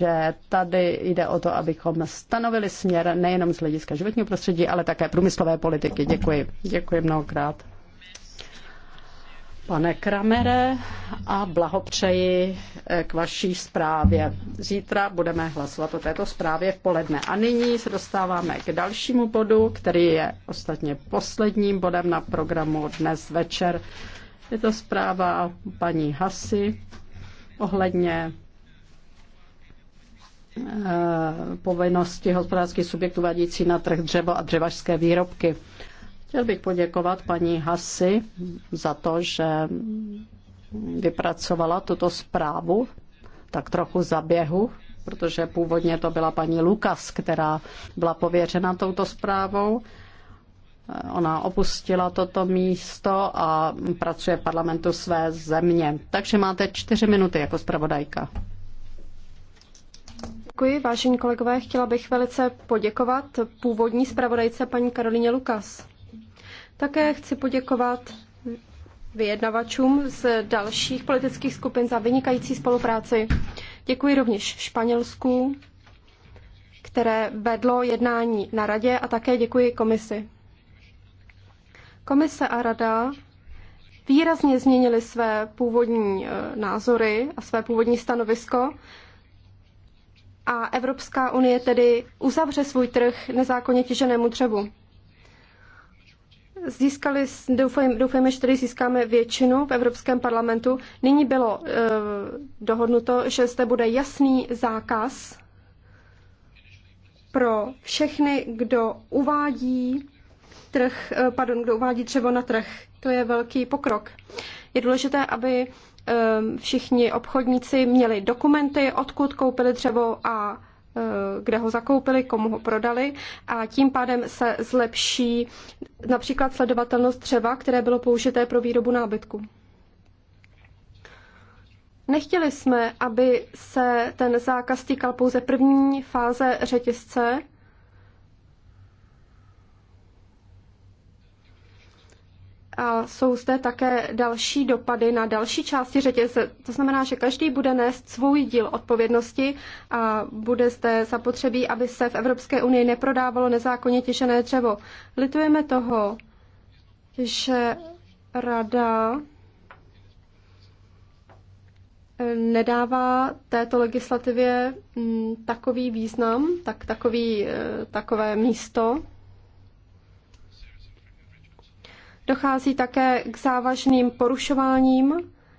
že tady jde o to, abychom stanovili směr nejenom z hlediska životního prostředí, ale také průmyslové politiky. Děkuji. Děkuji mnohokrát. Pane Kramere, a blahopřeji eh, k vaší zprávě. Zítra budeme hlasovat o této zprávě v poledne. A nyní se dostáváme k dalšímu bodu, který je ostatně posledním bodem na programu dnes večer. Je to zpráva paní Hasy ohledně Eh, povinnosti hospodářských subjektů vadící na trh dřevo a dřevařské výrobky. Chtěl bych poděkovat paní Hasi za to, že vypracovala tuto zprávu tak trochu zaběhu, protože původně to byla paní Lukas, která byla pověřena touto zprávou. Ona opustila toto místo a pracuje v parlamentu své země. Takže máte čtyři minuty jako zpravodajka. Děkuji, vážení kolegové. Chtěla bych velice poděkovat původní zpravodajce paní Karolíně Lukas. Také chci poděkovat vyjednavačům z dalších politických skupin za vynikající spolupráci. Děkuji rovněž Španělsku, které vedlo jednání na radě a také děkuji komisi. Komise a rada výrazně změnili své původní eh, názory a své původní stanovisko a Evropská unie tedy uzavře svůj trh nezákonně těženému dřevu. Získali, doufujeme, doufujeme, že tedy získáme většinu v Evropském parlamentu. Nyní bylo e, dohodnuto, že zde bude jasný zákaz pro všechny, kdo uvádí trh, eh, pardon, kdo uvádí dřevo na trh. To je velký pokrok. Je důležité, aby Ehm, všichni obchodníci měli dokumenty, odkud koupili dřevo a eh, kde ho zakoupili, komu ho prodali a tím pádem se zlepší například sledovatelnost dřeva, které bylo použité pro výrobu nábytku. Nechtěli jsme, aby se ten zákaz týkal pouze první fáze řetězce, a jsou zde také další dopady na další části řetězce. To znamená, že každý bude nést svůj díl odpovědnosti a bude zde zapotřebí, aby se v Evropské unii neprodávalo nezákonně těžené dřevo. Litujeme toho, že rada nedává této legislativě mm, takový význam, tak, takový, eh, takové místo, Dochází také k závažným porušováním,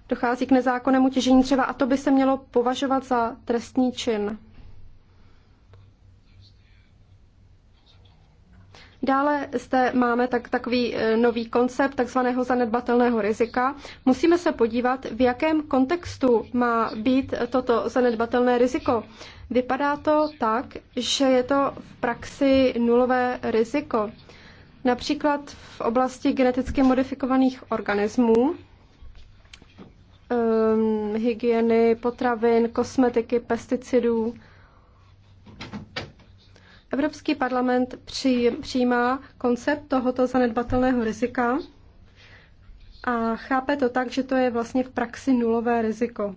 dochází k nezákonnému těžení dřeva a to by se mělo považovat za trestný čin. Dále zde máme tak, takový e, nový koncept takzvaného zanedbatelného rizika. Musíme se podívat, v jakém kontextu má být toto zanedbatelné riziko. Vypadá to tak, že je to v praxi nulové riziko. Například v oblasti geneticky modifikovaných organismů, um, hygieny potravin, kosmetiky, pesticidů. Evropský parlament přij, přijímá koncept tohoto zanedbatelného rizika a chápe to tak, že to je vlastně v praxi nulové riziko.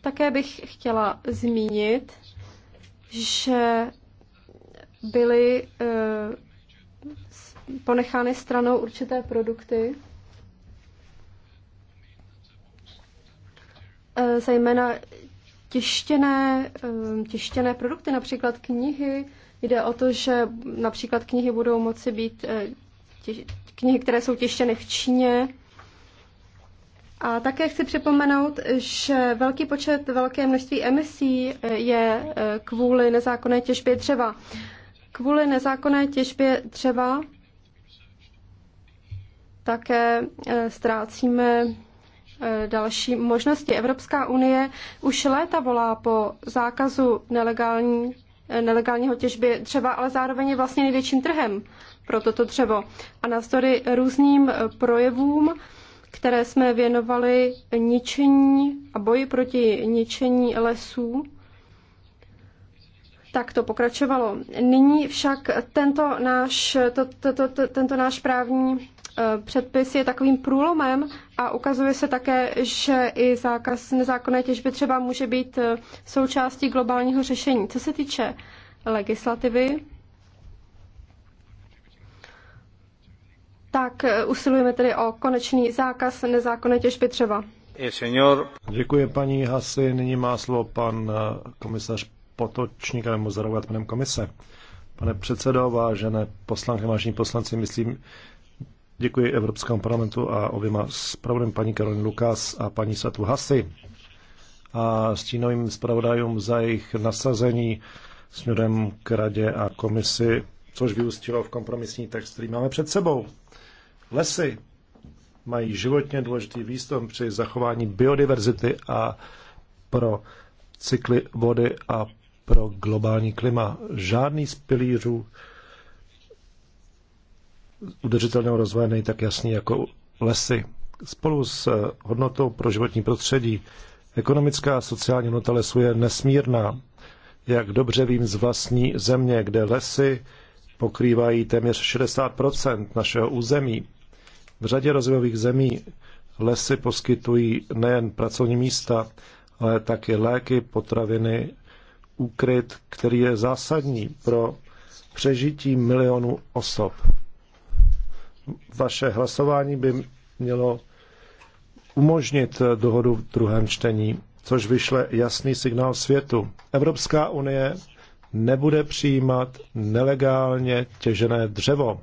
Také bych chtěla zmínit, že byly eh, ponechány stranou určité produkty, eh, zejména tištěné, eh, tištěné produkty, například knihy. Jde o to, že například knihy budou moci být knihy, které jsou tištěny v Číně. A také chci připomenout, že velký počet, velké množství emisí je kvůli nezákonné těžbě dřeva. Kvůli nezákonné těžbě třeba také e, ztrácíme e, další možnosti. Evropská unie už léta volá po zákazu nelegální, e, nelegálního těžby dřeva, ale zároveň je vlastně největším trhem pro toto dřevo. A navzdory různým projevům, které jsme věnovali ničení a boji proti ničení lesů, tak to pokračovalo. Nyní však tento náš, to, to, to, to, tento náš právní e, předpis je takovým průlomem a ukazuje se také, že i zákaz nezákonné těžby třeba může být e, součástí globálního řešení. Co se týče legislativy, tak e, usilujeme tedy o konečný zákaz nezákonné těžby třeba. Eh, Děkuji paní Hasy. Nyní má slovo pan komisař Potočníka nebo zareagovat panem komise. Pane předsedo, vážené poslanky, vážení poslanci, myslím, děkuji Evropskému parlamentu a oběma zpravodajům paní Karolin Lukas a paní Satu Hasy a stínovým zpravodajům za jejich nasazení směrem k radě a komisi, což vyústilo v kompromisní text, který máme před sebou. Lesy mají životně důležitý výstup při zachování biodiverzity a pro cykly vody a pro globální klima. Žádný z pilířů udržitelného rozvoje není tak jasný jako lesy. Spolu s hodnotou pro životní prostředí ekonomická a sociální hodnota lesů je nesmírná. Jak dobře vím z vlastní země, kde lesy pokrývají téměř 60 našeho území. V řadě rozvojových zemí lesy poskytují nejen pracovní místa, ale také léky, potraviny úkryt, který je zásadní pro přežití milionů osob. Vaše hlasování by mělo umožnit dohodu v druhém čtení, což vyšle jasný signál světu. Evropská unie nebude přijímat nelegálně těžené dřevo.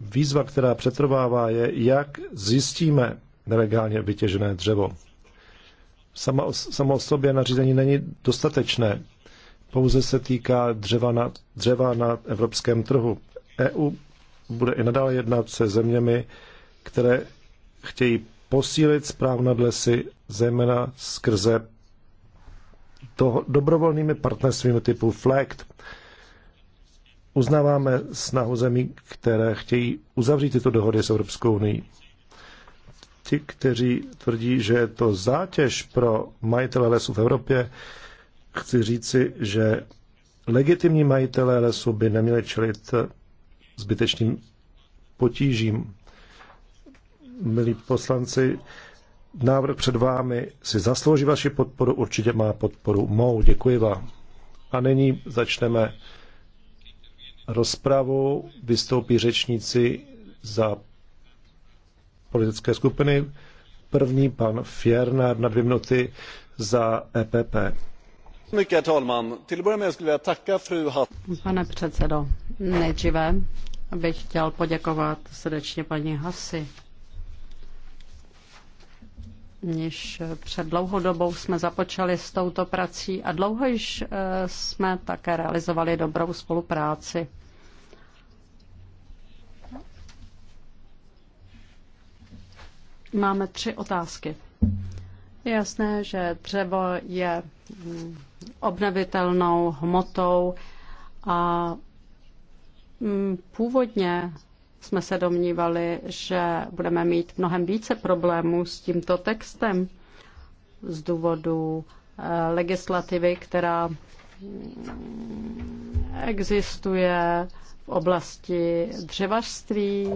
Výzva, která přetrvává, je, jak zjistíme nelegálně vytěžené dřevo sama o, sama o sobě nařízení není dostatečné. Pouze se týká dřeva na, dřeva na evropském trhu. EU bude i nadále jednat se zeměmi, které chtějí posílit správ nad lesy, zejména skrze toho, dobrovolnými partnerstvími typu FLECT. Uznáváme snahu zemí, které chtějí uzavřít tyto dohody s Evropskou unii. Ti, kteří tvrdí, že je to zátěž pro majitele lesů v Evropě, chci říci, že legitimní majitelé lesů by neměli čelit zbytečným potížím. Milí poslanci, návrh před vámi si zaslouží vaši podporu, určitě má podporu mou. Děkuji vám. A nyní začneme rozpravu. Vystoupí řečníci za politické skupiny. První pan Fjerner na dvě minuty za EPP. Pane předsedo, nejdříve bych chtěl poděkovat srdečně paní Hasi. Již před dlouhou dobou jsme započali s touto prací a dlouho již eh, jsme také realizovali dobrou spolupráci. Máme tři otázky. Je jasné, že dřevo je mm, obnovitelnou hmotou a mm, původně jsme se domnívali, že budeme mít mnohem více problémů s tímto textem z důvodu eh, legislativy, která mm, existuje v oblasti dřevařství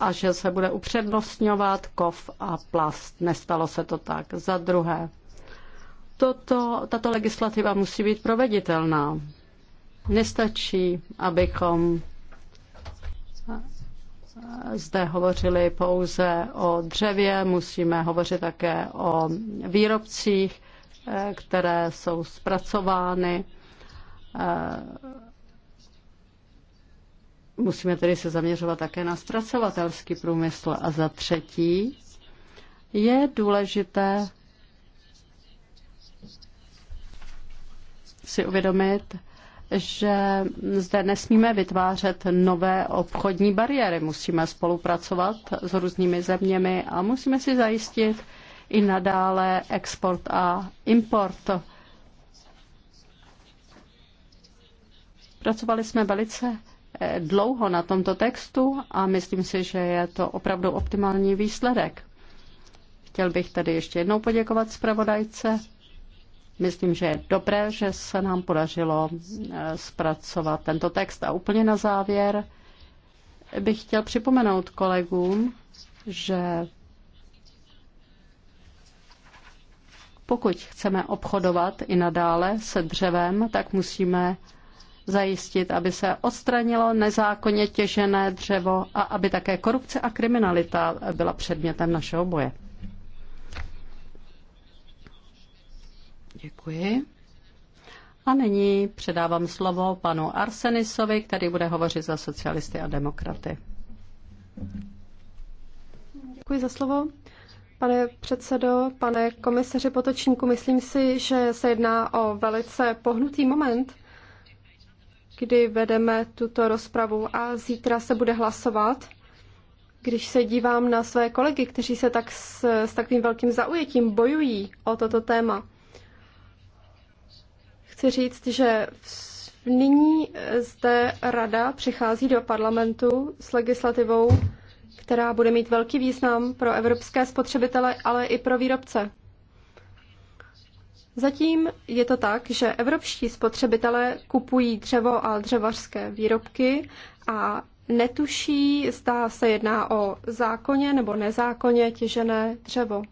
a, že se bude upřednostňovat kov a plast. Nestalo se to tak. Za druhé, toto, tato legislativa musí být proveditelná. Nestačí, abychom zde hovořili pouze o dřevě, musíme hovořit také o výrobcích, eh, které jsou zpracovány eh, musíme tedy se zaměřovat také na zpracovatelský průmysl. A za třetí je důležité si uvědomit, že zde nesmíme vytvářet nové obchodní bariéry. Musíme spolupracovat s různými zeměmi a musíme si zajistit i nadále export a import. Pracovali jsme velice dlouho na tomto textu a myslím si, že je to opravdu optimální výsledek. Chtěl bych tady ještě jednou poděkovat zpravodajce. Myslím, že je dobré, že se nám podařilo eh, zpracovat tento text. A úplně na závěr bych chtěl připomenout kolegům, že pokud chceme obchodovat i nadále se dřevem, tak musíme zajistit, aby se odstranilo nezákonně těžené dřevo a aby také korupce a kriminalita byla předmětem našeho boje. Děkuji. A nyní předávám slovo panu Arsenisovi, který bude hovořit za socialisty a demokraty. Děkuji za slovo. Pane předsedo, pane komisaři Potočníku, myslím si, že se jedná o velice pohnutý moment, kdy vedeme tuto rozpravu a zítra se bude hlasovat. Když se dívám na své kolegy, kteří se tak s, s takovým velkým zaujetím bojují o toto téma, chci říct, že v nyní zde rada přichází do parlamentu s legislativou, která bude mít velký význam pro evropské spotřebitele, ale i pro výrobce. Zatím je to tak, že evropští spotřebitelé kupují dřevo a dřevařské výrobky a netuší, zda se jedná o zákonně nebo nezákonně těžené dřevo.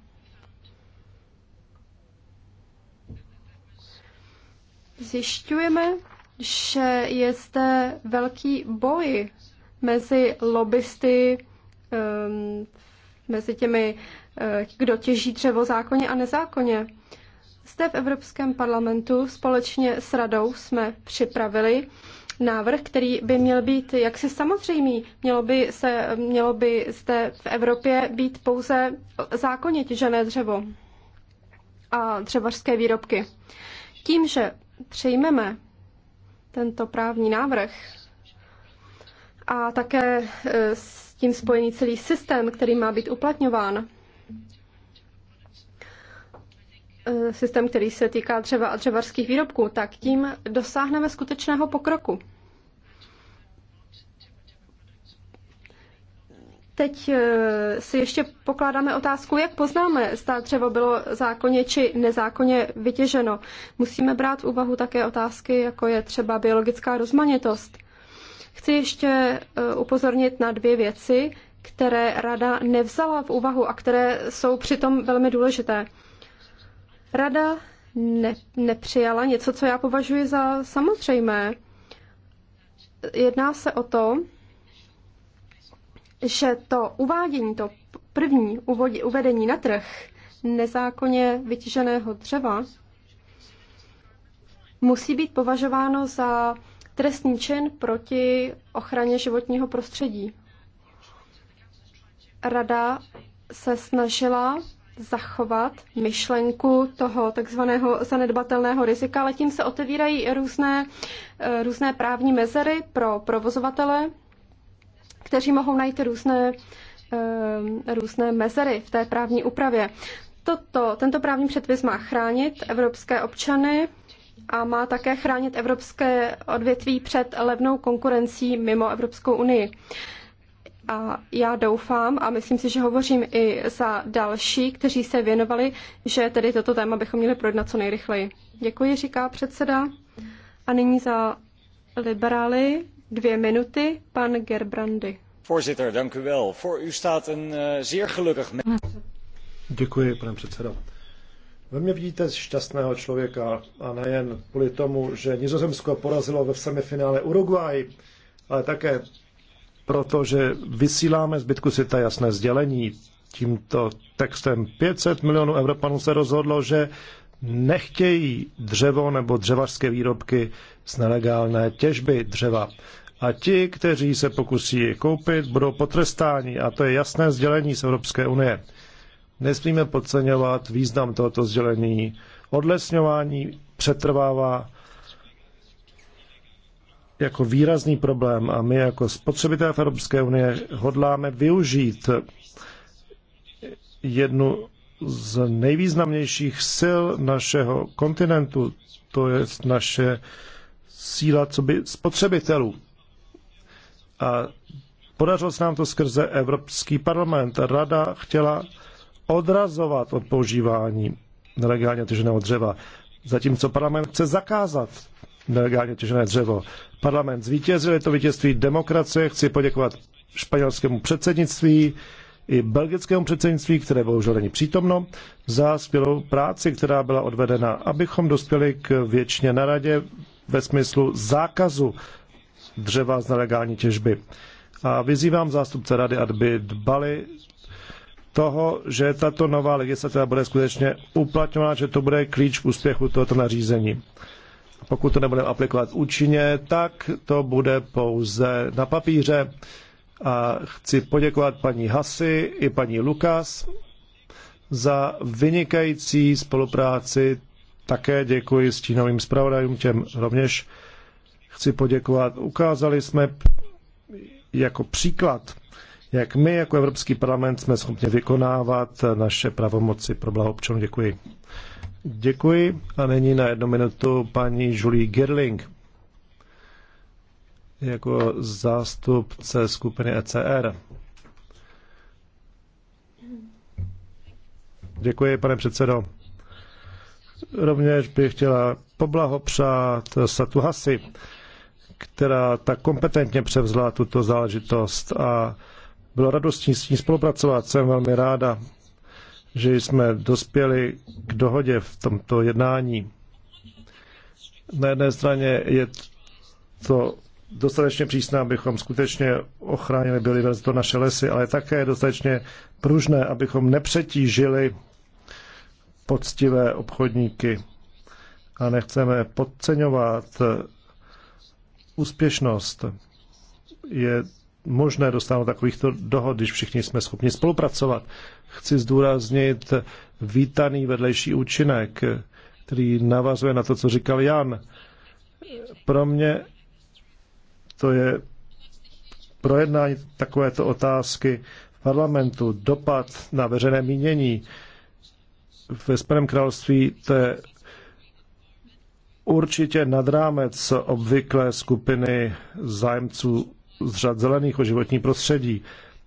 Zjišťujeme, že je zde velký boj mezi lobbysty, ehm, mezi těmi, eh, kdo těží dřevo zákonně a nezákonně. Jste v Evropském parlamentu společně s radou jsme připravili návrh, který by měl být jaksi samozřejmý. Mělo by, se, mělo by zde v Evropě být pouze zákonně těžené dřevo a dřevařské výrobky. Tím, že přejmeme tento právní návrh a také e, s tím spojený celý systém, který má být uplatňován, Eh, systém, který se týká dřeva a dřevarských výrobků, tak tím dosáhneme skutečného pokroku. Teď eh, si ještě pokládáme otázku, jak poznáme, zda dřevo bylo zákonně či nezákonně vytěženo. Musíme brát v úvahu také otázky, jako je třeba biologická rozmanitost. Chci ještě eh, upozornit na dvě věci, které rada nevzala v úvahu a které jsou přitom velmi důležité. Rada ne, nepřijala něco, co já považuji za samozřejmé. Jedná se o to, že to uvádění, to první uvedení na trh nezákonně vytěženého dřeva musí být považováno za trestní čin proti ochraně životního prostředí. Rada se snažila zachovat myšlenku toho takzvaného zanedbatelného rizika, ale tím se otevírají různé, eh, různé právní mezery pro provozovatele, kteří mohou najít různé, eh, různé mezery v té právní úpravě. Toto, tento právní předpis má chránit evropské občany a má také chránit evropské odvětví před levnou konkurencí mimo Evropskou unii. A já doufám, a myslím si, že hovořím i za další, kteří se věnovali, že tedy toto téma bychom měli projednat co nejrychleji. Děkuji, říká předseda. A nyní za liberály dvě minuty, pan Gerbrandy. Voorzitter, dank u wel. Voor u staat een eh, zeer gelukkig Děkuji, pane předsedo. Ve mně vidíte šťastného člověka a nejen kvůli tomu, že Nizozemsko porazilo ve semifinále Uruguay, ale také protože vysíláme zbytku světa jasné sdělení. Tímto textem 500 milionů Evropanů se rozhodlo, že nechtějí dřevo nebo dřevařské výrobky z nelegálné těžby dřeva. A ti, kteří se pokusí je koupit, budou potrestáni. A to je jasné sdělení z Evropské unie. Nesmíme podceňovat význam tohoto sdělení. Odlesňování přetrvává jako výrazný problém a my jako spotřebitelé v Evropské unie hodláme využít jednu z nejvýznamnějších sil našeho kontinentu, to je naše síla co by spotřebitelů. A podařilo se nám to skrze Evropský parlament. Rada chtěla odrazovat od používání nelegálně těženého dřeva, zatímco parlament chce zakázat nelegálně těžené dřevo. Parlament zvítězil, je to vítězství demokracie. Chci poděkovat španělskému předsednictví i belgickému předsednictví, které bohužel není přítomno, za skvělou práci, která byla odvedena, abychom dospěli k věčně na radě ve smyslu zákazu dřeva z nelegální těžby. A vyzývám zástupce rady, aby dbali toho, že tato nová legislativa bude skutečně uplatňována, že to bude klíč k úspěchu tohoto nařízení. Pokud to nebudeme aplikovat účinně, tak to bude pouze na papíře. A chci poděkovat paní Hasi i paní Lukas za vynikající spolupráci. Také děkuji stínovým zpravodajům, těm rovněž chci poděkovat. Ukázali jsme jako příklad, jak my jako Evropský parlament jsme schopni vykonávat naše pravomoci pro blahobčanů. Děkuji. Děkuji a nyní na jednu minutu paní Julie Girling jako zástupce skupiny ECR. Děkuji, pane předsedo. Rovněž bych chtěla poblahopřát Satu Hasi, která tak kompetentně převzala tuto záležitost a bylo radostní s ní spolupracovat. Jsem velmi ráda, že jsme dospěli k dohodě v tomto jednání. Na jedné straně je to dostatečně přísné, abychom skutečně ochránili to naše lesy, ale také je dostatečně pružné, abychom nepřetížili poctivé obchodníky. A nechceme podceňovat úspěšnost. Je možné dostávat takovýchto dohod, když všichni jsme schopni spolupracovat. Chci zdůraznit vítaný vedlejší účinek, který navazuje na to, co říkal Jan. Pro mě to je projednání takovéto otázky v parlamentu, dopad na veřejné mínění. Ve Spojeném království to je určitě nad rámec obvyklé skupiny zájemců z řad zelených o životní prostředí.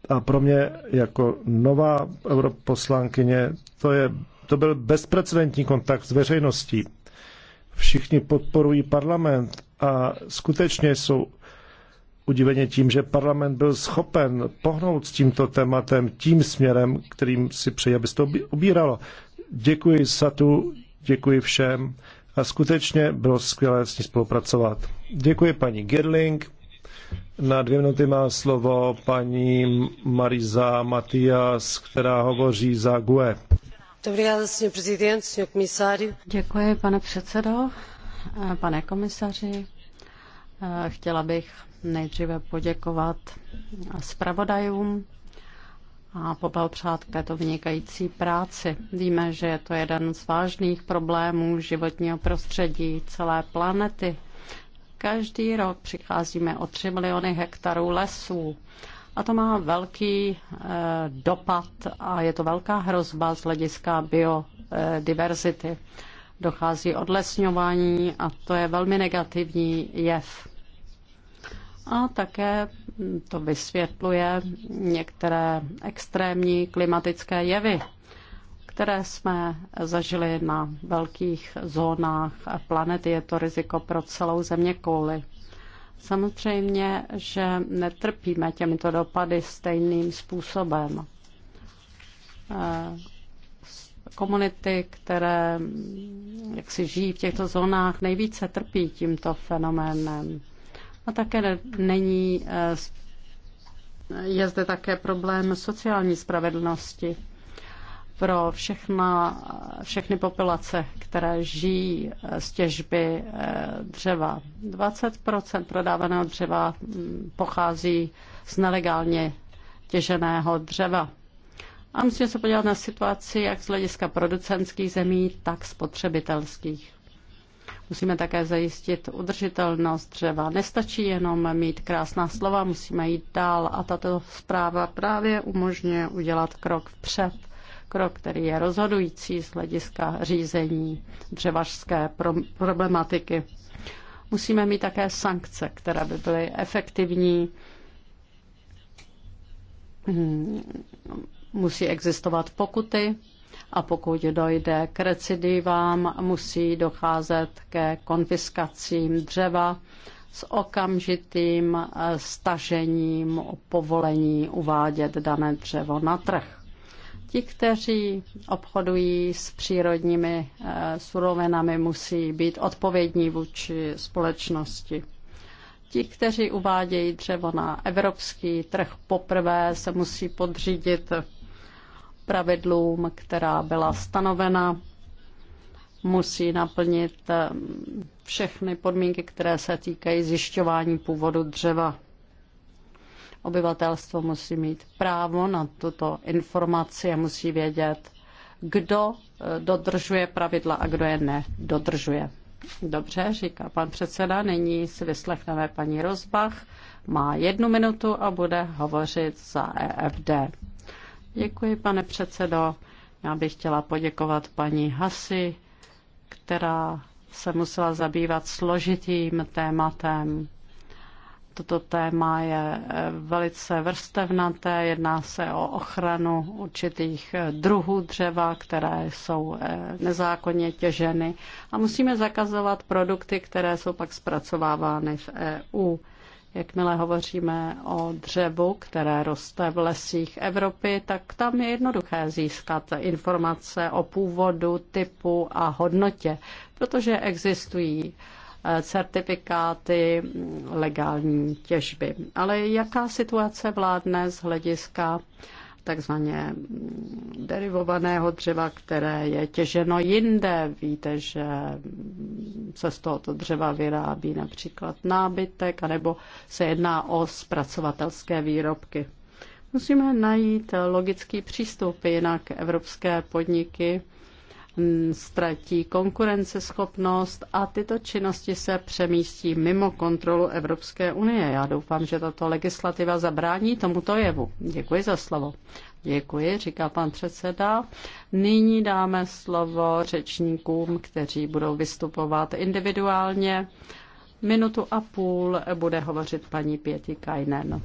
A pro mě jako nová europoslankyně to, je, to byl bezprecedentní kontakt s veřejností. Všichni podporují parlament a skutečně jsou udiveně tím, že parlament byl schopen pohnout s tímto tématem tím směrem, kterým si přeji, aby se to obíralo. Děkuji Satu, děkuji všem a skutečně bylo skvělé s ní spolupracovat. Děkuji paní Girling. Na dvě minuty má slovo paní Mariza Matias, která hovoří za GUE. Děkuji, pane předsedo, pane komisaři. Chtěla bych nejdříve poděkovat zpravodajům a poblahopřát k této vynikající práci. Víme, že je to jeden z vážných problémů životního prostředí celé planety. Každý rok přicházíme o 3 miliony hektarů lesů a to má velký eh, dopad a je to velká hrozba z hlediska biodiverzity. Dochází odlesňování a to je velmi negativní jev. A také to vysvětluje některé extrémní klimatické jevy, které jsme zažili na velkých zónách planety. Je to riziko pro celou země kouly. Samozřejmě, že netrpíme těmito dopady stejným způsobem. Eh, komunity, které jak si žijí v těchto zónách, nejvíce trpí tímto fenoménem. A také není, eh, je zde také problém sociální spravedlnosti pro všechna, všechny populace, které žijí eh, z těžby eh, dřeva. 20 prodávaného dřeva mm, pochází z nelegálně těženého dřeva. A musíme se podívat na situaci jak z hlediska producentských zemí, tak spotřebitelských. Musíme také zajistit udržitelnost dřeva. Nestačí jenom mít krásná slova, musíme jít dál a tato zpráva právě umožňuje udělat krok vpřed krok, který je rozhodující z hlediska řízení dřevařské problematiky. Musíme mít také sankce, které by byly efektivní. Hmm, musí existovat pokuty a pokud dojde k recidivám, musí docházet ke konfiskacím dřeva s okamžitým stažením povolení uvádět dané dřevo na trh. Ti, kteří obchodují s přírodními eh, surovinami, musí být odpovědní vůči společnosti. Ti, kteří uvádějí dřevo na evropský trh poprvé, se musí podřídit pravidlům, která byla stanovena, musí naplnit eh, všechny podmínky, které se týkají zjišťování původu dřeva. Obyvatelstvo musí mít právo na tuto informaci a musí vědět, kdo eh, dodržuje pravidla a kdo je nedodržuje. Dobře, říká pan předseda. Nyní si vyslechneme paní Rozbach. Má jednu minutu a bude hovořit za EFD. Děkuji, pane předsedo. Já bych chtěla poděkovat paní Hasi, která se musela zabývat složitým tématem Toto téma je eh, velice vrstevnaté, jedná se o ochranu určitých eh, druhů dřeva, které jsou eh, nezákonně těženy a musíme zakazovat produkty, které jsou pak zpracovávány v EU. Jakmile hovoříme o dřevu, které roste v lesích Evropy, tak tam je jednoduché získat informace o původu, typu a hodnotě, protože existují certifikáty legální těžby. Ale jaká situace vládne z hlediska takzvaně derivovaného dřeva, které je těženo jinde. Víte, že se z tohoto dřeva vyrábí například nábytek, anebo se jedná o zpracovatelské výrobky. Musíme najít logický přístup, jinak evropské podniky Mm, ztratí konkurenceschopnost a tyto činnosti se přemístí mimo kontrolu Evropské unie. Já doufám, že tato legislativa zabrání tomuto jevu. Děkuji za slovo. Děkuji, říká pan předseda. Nyní dáme slovo řečníkům, kteří budou vystupovat individuálně. Minutu a půl bude hovořit paní Pěti Kajnen.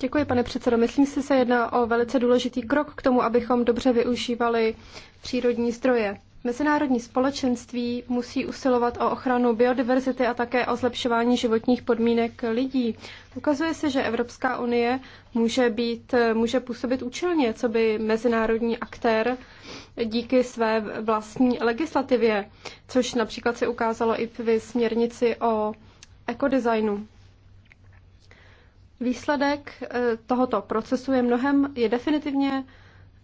Děkuji, pane předsedo. Myslím si, se jedná o velice důležitý krok k tomu, abychom dobře využívali přírodní zdroje. Mezinárodní společenství musí usilovat o ochranu biodiverzity a také o zlepšování životních podmínek lidí. Ukazuje se, že Evropská unie může, být, může působit účelně, co by mezinárodní aktér díky své vlastní legislativě, což například se ukázalo i v směrnici o ekodesignu. Výsledek eh, tohoto procesu je mnohem, je definitivně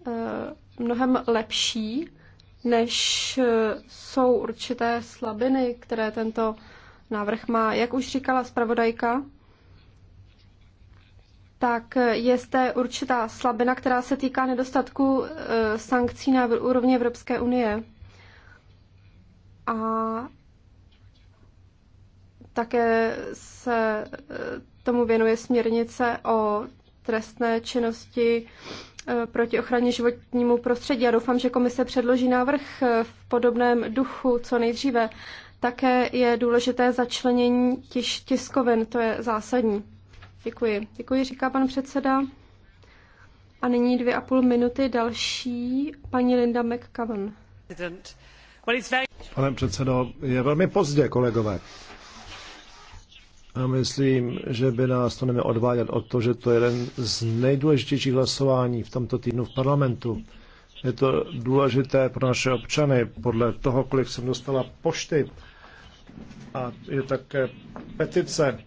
eh, mnohem lepší, než eh, jsou určité slabiny, které tento návrh má. Jak už říkala zpravodajka, tak je zde určitá slabina, která se týká nedostatku sankcí na úrovni Evropské unie. A také se eh, tomu věnuje směrnice o trestné činnosti eh, proti ochraně životnímu prostředí. Já doufám, že komise předloží návrh eh, v podobném duchu co nejdříve. Také je důležité začlenění tis- tiskovin, to je zásadní. Děkuji. Děkuji, říká pan předseda. A nyní dvě a půl minuty další paní Linda McCavan. Pane předsedo, je velmi pozdě, kolegové. A myslím, že by nás to nemělo odvádět od to, že to je jeden z nejdůležitějších hlasování v tomto týdnu v parlamentu. Je to důležité pro naše občany, podle toho, kolik jsem dostala pošty. A je také petice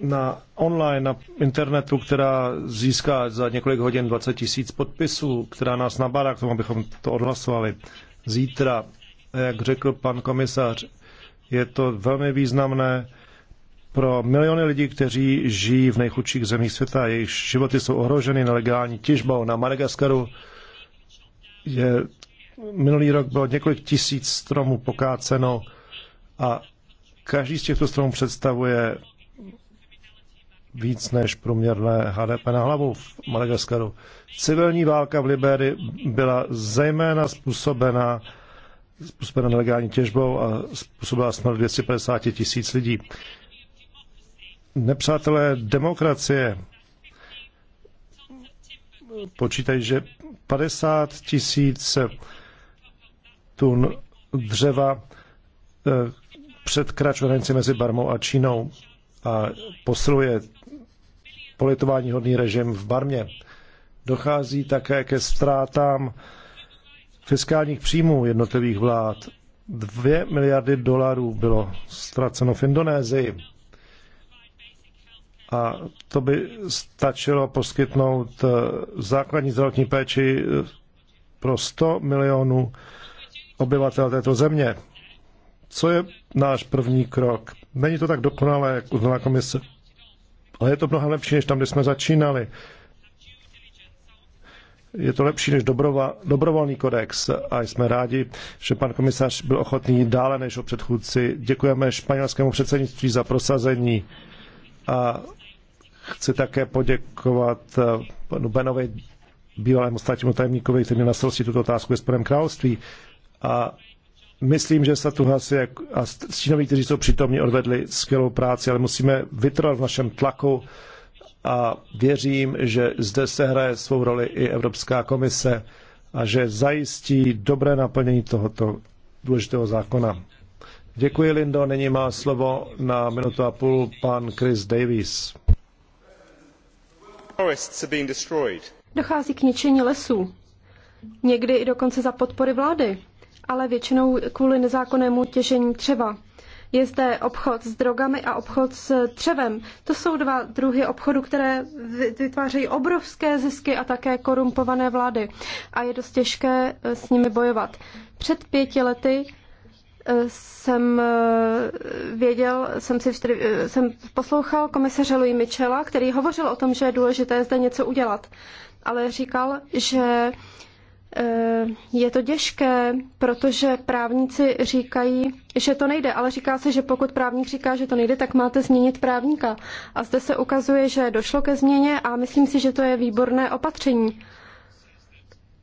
na online, na internetu, která získá za několik hodin 20 tisíc podpisů, která nás nabádá k tomu, abychom to odhlasovali. Zítra, jak řekl pan komisař, je to velmi významné pro miliony lidí, kteří žijí v nejchudších zemích světa, jejich životy jsou ohroženy nelegální těžbou na Madagaskaru. Je, minulý rok bylo několik tisíc stromů pokáceno a každý z těchto stromů představuje víc než průměrné HDP na hlavu v Madagaskaru. Civilní válka v Liberii byla zejména způsobena způsobena nelegální těžbou a způsobila smrt 250 tisíc lidí nepřátelé demokracie počítají, že 50 tisíc tun dřeva eh, předkračuje hranici mezi Barmou a Čínou a posiluje politování hodný režim v Barmě. Dochází také ke ztrátám fiskálních příjmů jednotlivých vlád. Dvě miliardy dolarů bylo ztraceno v Indonésii a to by stačilo poskytnout eh, základní zdravotní péči eh, pro 100 milionů obyvatel této země. Co je náš první krok? Není to tak dokonalé, jak uznala komise, ale je to mnohem lepší, než tam, kde jsme začínali. Je to lepší než dobrova, dobrovolný kodex a jsme rádi, že pan komisař byl ochotný dále než o předchůdci. Děkujeme španělskému předsednictví za prosazení a chci také poděkovat eh, panu Benovi, bývalému státnímu tajemníkovi, který mě na starosti tuto otázku ve Spojeném království. A myslím, že Satuhas a Stínoví, kteří jsou přítomní, odvedli skvělou práci, ale musíme vytrvat v našem tlaku a věřím, že zde se hraje svou roli i Evropská komise a že zajistí dobré naplnění tohoto důležitého zákona. Děkuji, Lindo. Nyní má slovo na minutu a půl pan Chris Davies. Dochází k ničení lesů. Někdy i dokonce za podpory vlády, ale většinou kvůli nezákonnému těžení dřeva. Je zde obchod s drogami a obchod s dřevem. To jsou dva druhy obchodu, které vytvářejí obrovské zisky a také korumpované vlády. A je dost těžké s nimi bojovat. Před pěti lety jsem eh, věděl, jsem, si, eh, jsem poslouchal komisaře Louis Michela, který hovořil o tom, že je důležité zde něco udělat, ale říkal, že eh, je to těžké, protože právníci říkají, že to nejde, ale říká se, že pokud právník říká, že to nejde, tak máte změnit právníka. A zde se ukazuje, že došlo ke změně a myslím si, že to je výborné opatření.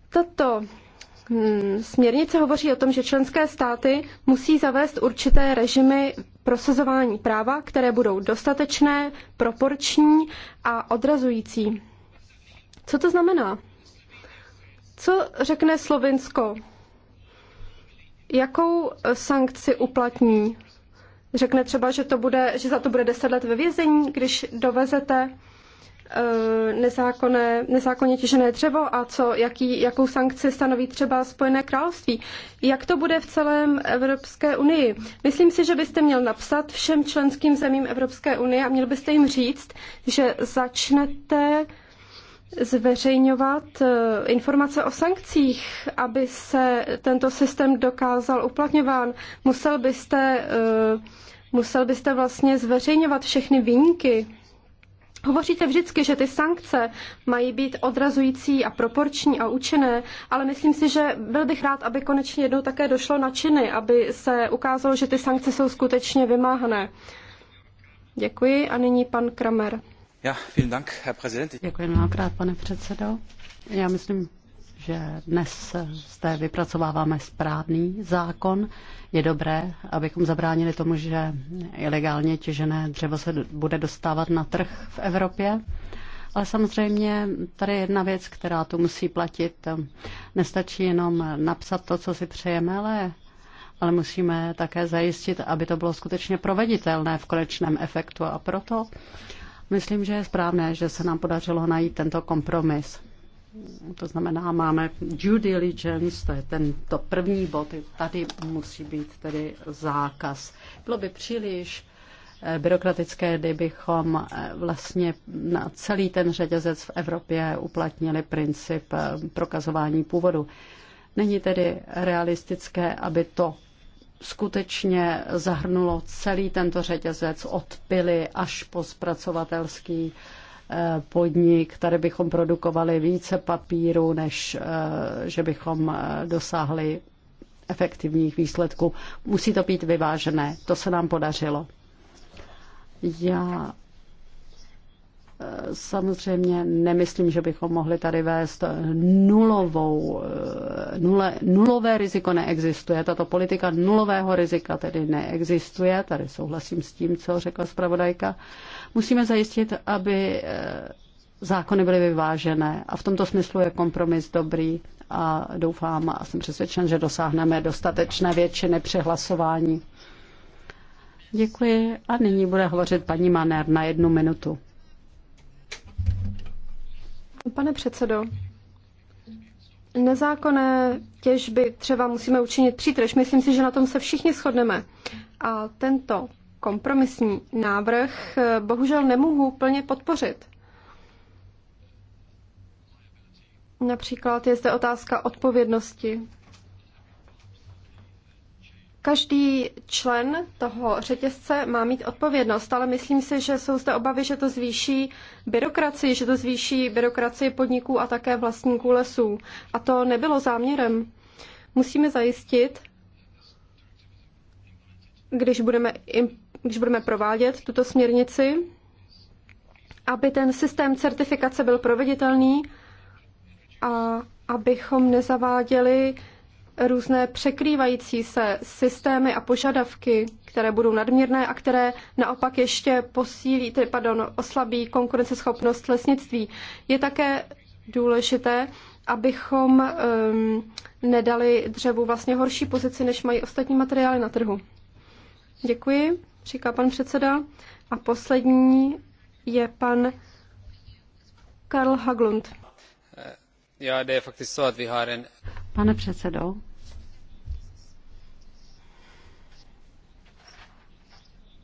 Tato Hmm, směrnice hovoří o tom, že členské státy musí zavést určité režimy prosazování práva, které budou dostatečné, proporční a odrazující. Co to znamená? Co řekne Slovinsko? Jakou eh, sankci uplatní? Řekne třeba, že, to bude, že za to bude 10 let ve vězení, když dovezete Eh, nezákonné, nezákonně těžené dřevo a co, jaký, jakou sankci stanoví třeba Spojené království. Jak to bude v celém Evropské unii? Myslím si, že byste měl napsat všem členským zemím Evropské unie a měl byste jim říct, že začnete zveřejňovat eh, informace o sankcích, aby se tento systém dokázal uplatňován. Musel byste, eh, musel byste vlastně zveřejňovat všechny výjimky Hovoříte vždycky, že ty sankce mají být odrazující a proporční a účinné, ale myslím si, že byl bych rád, aby konečně jednou také došlo na činy, aby se ukázalo, že ty sankce jsou skutečně vymáhané. Děkuji a nyní pan Kramer. Ja, vielen Dank, Herr Präsident. Děkuji mnohokrát, pane předsedo. Já myslím, že dnes zde vypracováváme správný zákon. Je dobré, abychom zabránili tomu, že ilegálně těžené dřevo se bude dostávat na trh v Evropě. Ale samozřejmě tady je jedna věc, která tu musí platit. Nestačí jenom napsat to, co si přejeme, ale ale musíme také zajistit, aby to bylo skutečně proveditelné v konečném efektu. A proto myslím, že je správné, že se nám podařilo najít tento kompromis. To znamená, máme due diligence, to je tento první bod, tady musí být tedy zákaz. Bylo by příliš eh, byrokratické, kdybychom eh, vlastně na celý ten řetězec v Evropě uplatnili princip eh, prokazování původu. Není tedy realistické, aby to skutečně zahrnulo celý tento řetězec od pily až po zpracovatelský uh, podnik, tady bychom produkovali více papíru, než eh, že bychom eh, dosáhli efektivních výsledků. Musí to být vyvážené. To se nám podařilo. Já eh, samozřejmě nemyslím, že bychom mohli tady vést nulovou nule, nulové riziko neexistuje, tato politika nulového rizika tedy neexistuje, tady souhlasím s tím, co řekla zpravodajka. Musíme zajistit, aby eh, zákony byly vyvážené a v tomto smyslu je kompromis dobrý a doufám a jsem přesvědčen, že dosáhneme dostatečné většiny při hlasování. Děkuji a nyní bude hovořit paní Manér na jednu minutu. Pane předsedo, nezákonné těžby třeba musíme učinit přítrž. Myslím si, že na tom se všichni shodneme. A tento kompromisní návrh eh, bohužel nemohu plně podpořit. Například je zde otázka odpovědnosti. Každý člen toho řetězce má mít odpovědnost, ale myslím si, že jsou zde obavy, že to zvýší byrokracii, že to zvýší byrokracii podniků a také vlastníků lesů. A to nebylo záměrem. Musíme zajistit, když budeme, když budeme provádět tuto směrnici, aby ten systém certifikace byl proveditelný a abychom nezaváděli různé překrývající se systémy a požadavky, které budou nadměrné a které naopak ještě posílí, tedy, pardon, oslabí konkurenceschopnost lesnictví. Je také důležité, abychom um, nedali dřevu vlastně horší pozici, než mají ostatní materiály na trhu. Děkuji, říká pan předseda. A poslední je pan Karl Haglund. Já, jde fakticky vyháren. Pane předsedo,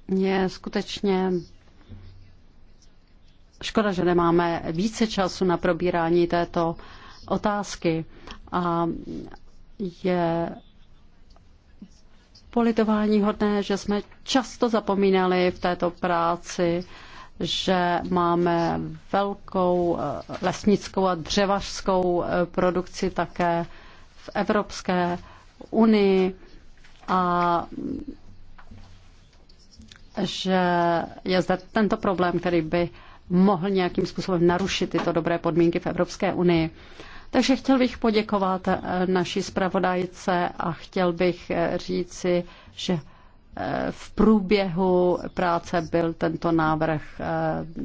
je skutečně škoda, že nemáme více času na probírání této otázky. A je politování hodné, že jsme často zapomínali v této práci, že máme velkou eh, lesnickou a dřevařskou eh, produkci také v Evropské unii a že je zde tento problém, který by mohl nějakým způsobem narušit tyto dobré podmínky v Evropské unii. Takže chtěl bych poděkovat eh, naší zpravodajce a chtěl bych eh, říci, že eh, v průběhu práce byl tento návrh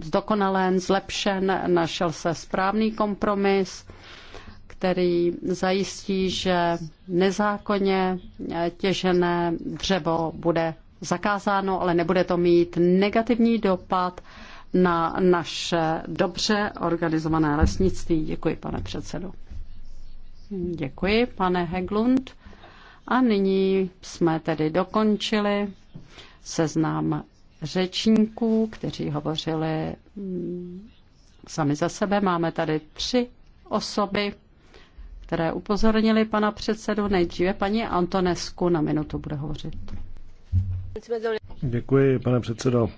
zdokonalen, zlepšen, našel se správný kompromis který zajistí, že nezákonně těžené dřevo bude zakázáno, ale nebude to mít negativní dopad na naše dobře organizované lesnictví. Děkuji, pane předsedo. Děkuji, pane Heglund. A nyní jsme tedy dokončili seznam řečníků, kteří hovořili mm, sami za sebe. Máme tady tři osoby které upozornili pana předsedu. Nejdříve paní Antonesku na minutu bude hovořit. Děkuji, pane předsedo.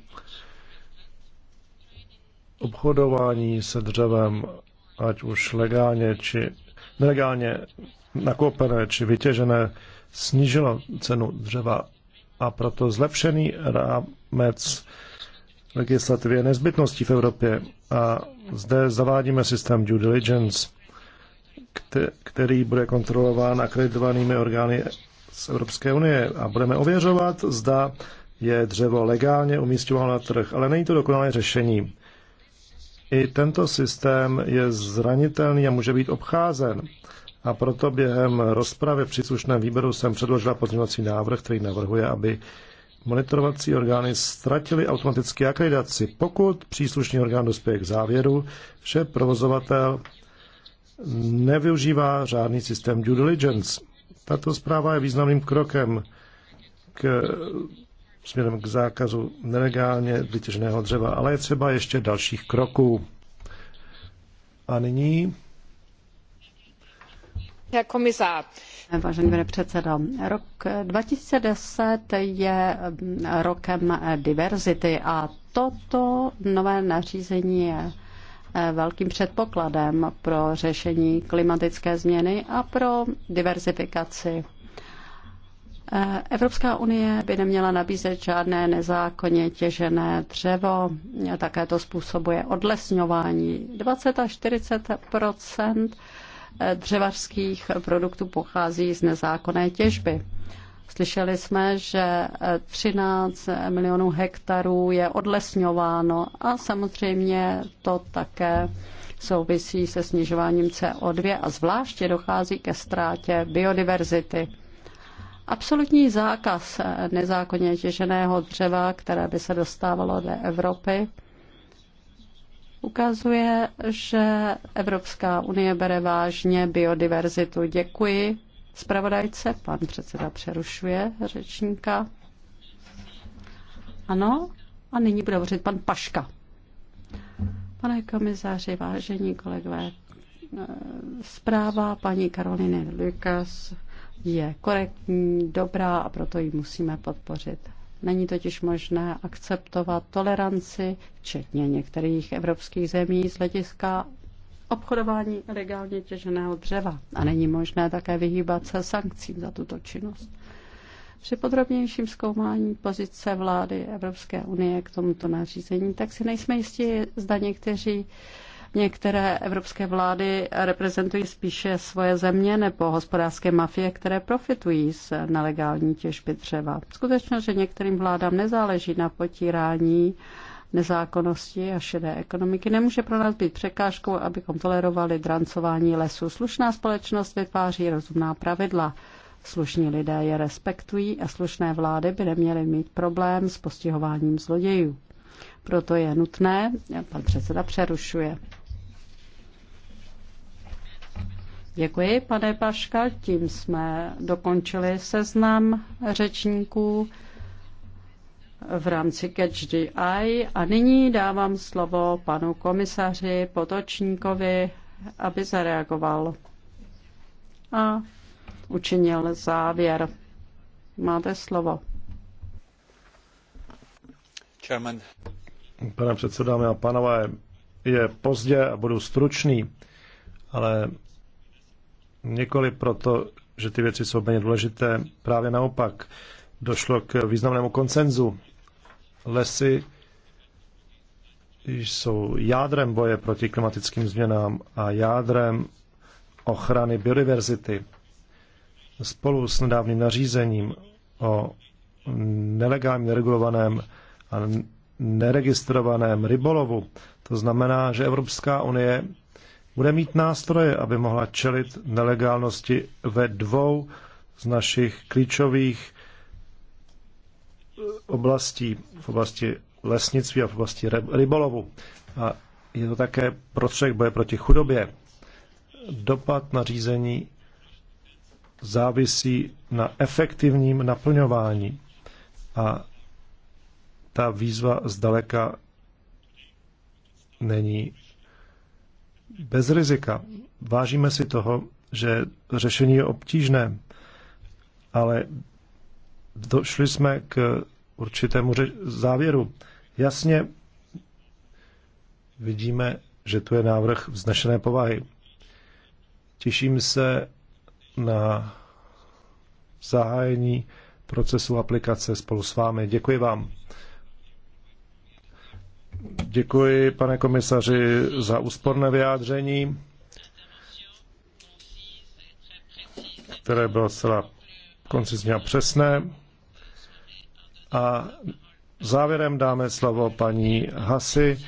Obchodování se dřevem, ať už legálně či nelegálně nakopené či vytěžené, snížilo cenu dřeva a proto zlepšený rámec legislativy je nezbytností v Evropě a zde zavádíme systém due diligence – který bude kontrolován akreditovanými orgány z Evropské unie a budeme ověřovat, zda je dřevo legálně umístěno na trh, ale není to dokonalé řešení. I tento systém je zranitelný a může být obcházen. A proto během rozpravy v příslušném výboru jsem předložila pozměňovací návrh, který navrhuje, aby monitorovací orgány ztratily automaticky akreditaci, pokud příslušný orgán dospěje k závěru, že provozovatel nevyužívá žádný systém due diligence. Tato zpráva je významným krokem k, směrem k zákazu nelegálně vytěženého dřeva, ale je třeba ještě dalších kroků. A nyní Herr Kommissar. Vážený pane předsedo, rok 2010 je mm, rokem diverzity a toto nové nařízení je Eh, velkým předpokladem pro řešení klimatické změny a pro diverzifikaci. Eh, Evropská unie by neměla nabízet žádné nezákonně těžené dřevo, také to způsobuje odlesňování. 20 až 40 eh, dřevařských produktů pochází z nezákonné těžby. Slyšeli jsme, že 13 eh, milionů hektarů je odlesňováno a samozřejmě to také souvisí se snižováním CO2 a zvláště dochází ke ztrátě biodiverzity. Absolutní zákaz eh, nezákonně těženého dřeva, které by se dostávalo do Evropy, ukazuje, že Evropská unie bere vážně biodiverzitu. Děkuji zpravodajce. Pan předseda přerušuje řečníka. Ano, a nyní bude hovořit pan Paška. Pane komisáři, vážení kolegové, zpráva paní Karoliny Lukas je korektní, dobrá a proto ji musíme podpořit. Není totiž možné akceptovat toleranci, včetně některých evropských zemí, z hlediska obchodování legálně těženého dřeva a není možné také vyhýbat se sankcím za tuto činnost. Při podrobnějším zkoumání pozice vlády Evropské unie k tomuto nařízení, tak si nejsme jistí, zda někteří Některé evropské vlády reprezentují spíše svoje země nebo hospodářské mafie, které profitují z nelegální těžby dřeva. Skutečně, že některým vládám nezáleží na potírání uh, nezákonnosti a šedé ekonomiky nemůže pro nás být překážkou, abychom tolerovali drancování lesů. Slušná společnost vytváří rozumná pravidla. Slušní lidé je respektují a slušné vlády by neměly mít problém s postihováním zlodějů. Proto je nutné, pan předseda přerušuje. Děkuji, pane Paška. Tím jsme dokončili seznam řečníků v rámci Catch the Eye. A nyní dávám slovo panu komisaři Potočníkovi, aby zareagoval a učinil závěr. Máte slovo. Chairman. Pane předsedo, dámy a pánové, je pozdě a budu stručný, ale nikoli proto, že ty věci jsou méně důležité, právě naopak došlo k významnému koncenzu lesy jsou jádrem boje proti klimatickým změnám a jádrem ochrany biodiverzity. Spolu s nedávným nařízením o nelegálně regulovaném a neregistrovaném rybolovu. To znamená, že Evropská unie bude mít nástroje, aby mohla čelit nelegálnosti ve dvou z našich klíčových oblastí, v oblasti lesnictví a v oblasti rybolovu. A je to také prostředek boje proti chudobě. Dopad na řízení závisí na efektivním naplňování. A ta výzva zdaleka není bez rizika. Vážíme si toho, že řešení je obtížné, ale došli jsme k určitému závěru. Jasně vidíme, že tu je návrh vznešené povahy. Těším se na zahájení procesu aplikace spolu s vámi. Děkuji vám. Děkuji, pane komisaři, za úsporné vyjádření, které bylo zcela koncizně a přesné. A závěrem dáme slovo paní Hasi,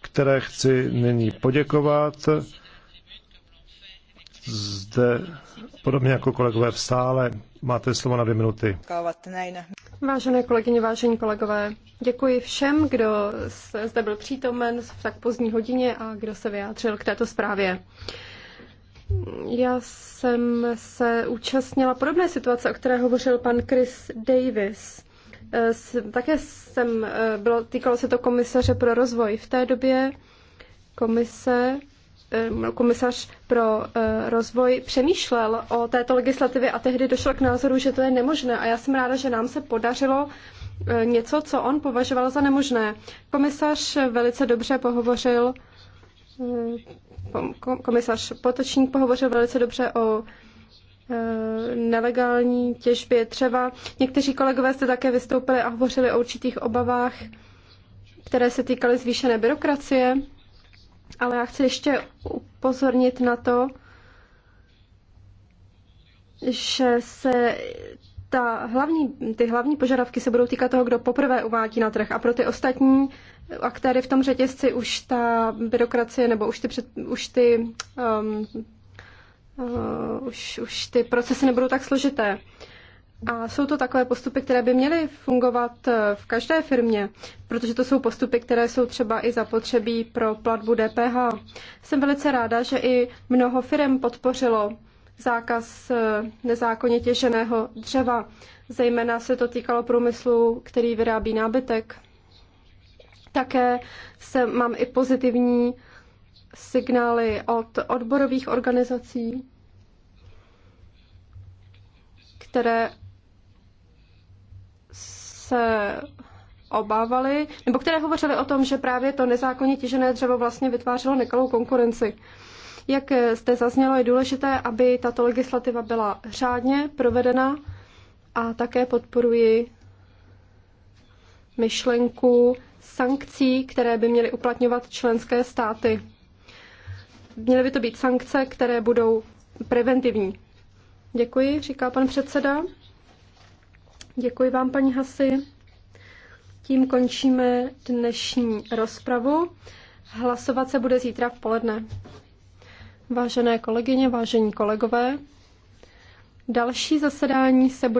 které chci nyní poděkovat. Zde, podobně jako kolegové v sále, máte slovo na dvě minuty. Vážené kolegyně, vážení kolegové, děkuji všem, kdo zde byl přítomen v tak pozdní hodině a kdo se vyjádřil k této zprávě. Já jsem se účastnila podobné situace, o které hovořil pan Chris Davis. Eh, také jsem, eh, bylo, týkalo se to komisaře pro rozvoj. V té době komise eh, no, komisař pro rozvoj přemýšlel o této legislativě a tehdy došel k názoru, že to je nemožné. A já jsem ráda, že nám se podařilo něco, co on považoval za nemožné. Komisař velice dobře pohovořil, komisař Potočník pohovořil velice dobře o Eh, nelegální těžby třeba. Někteří kolegové jste také vystoupili a hovořili o určitých obavách, které se týkaly zvýšené byrokracie, ale já chci ještě upozornit na to, že se ta hlavní, ty hlavní požadavky se budou týkat toho, kdo poprvé uvádí na trh a pro ty ostatní aktéry v tom řetězci už ta byrokracie nebo už ty, před, už ty um, uh, už, už ty procesy nebudou tak složité. A jsou to takové postupy, které by měly fungovat eh, v každé firmě, protože to jsou postupy, které jsou třeba i zapotřebí pro platbu DPH. Jsem velice ráda, že i mnoho firm podpořilo zákaz eh, nezákonně těženého dřeva. Zejména se to týkalo průmyslu, který vyrábí nábytek. Také se mám i pozitivní signály od odborových organizací, které se obávali, nebo které hovořily o tom, že právě to nezákonně těžené dřevo vlastně vytvářelo nekalou konkurenci. Jak jste zaznělo, je důležité, aby tato legislativa byla řádně provedena a také podporuji myšlenku sankcí, které by měly uplatňovat členské státy měly by to být sankce, které budou preventivní. Děkuji, říká pan předseda. Děkuji vám, paní Hasy. Tím končíme dnešní rozpravu. Hlasovat se bude zítra v poledne. Vážené kolegyně, vážení kolegové, další zasedání se bude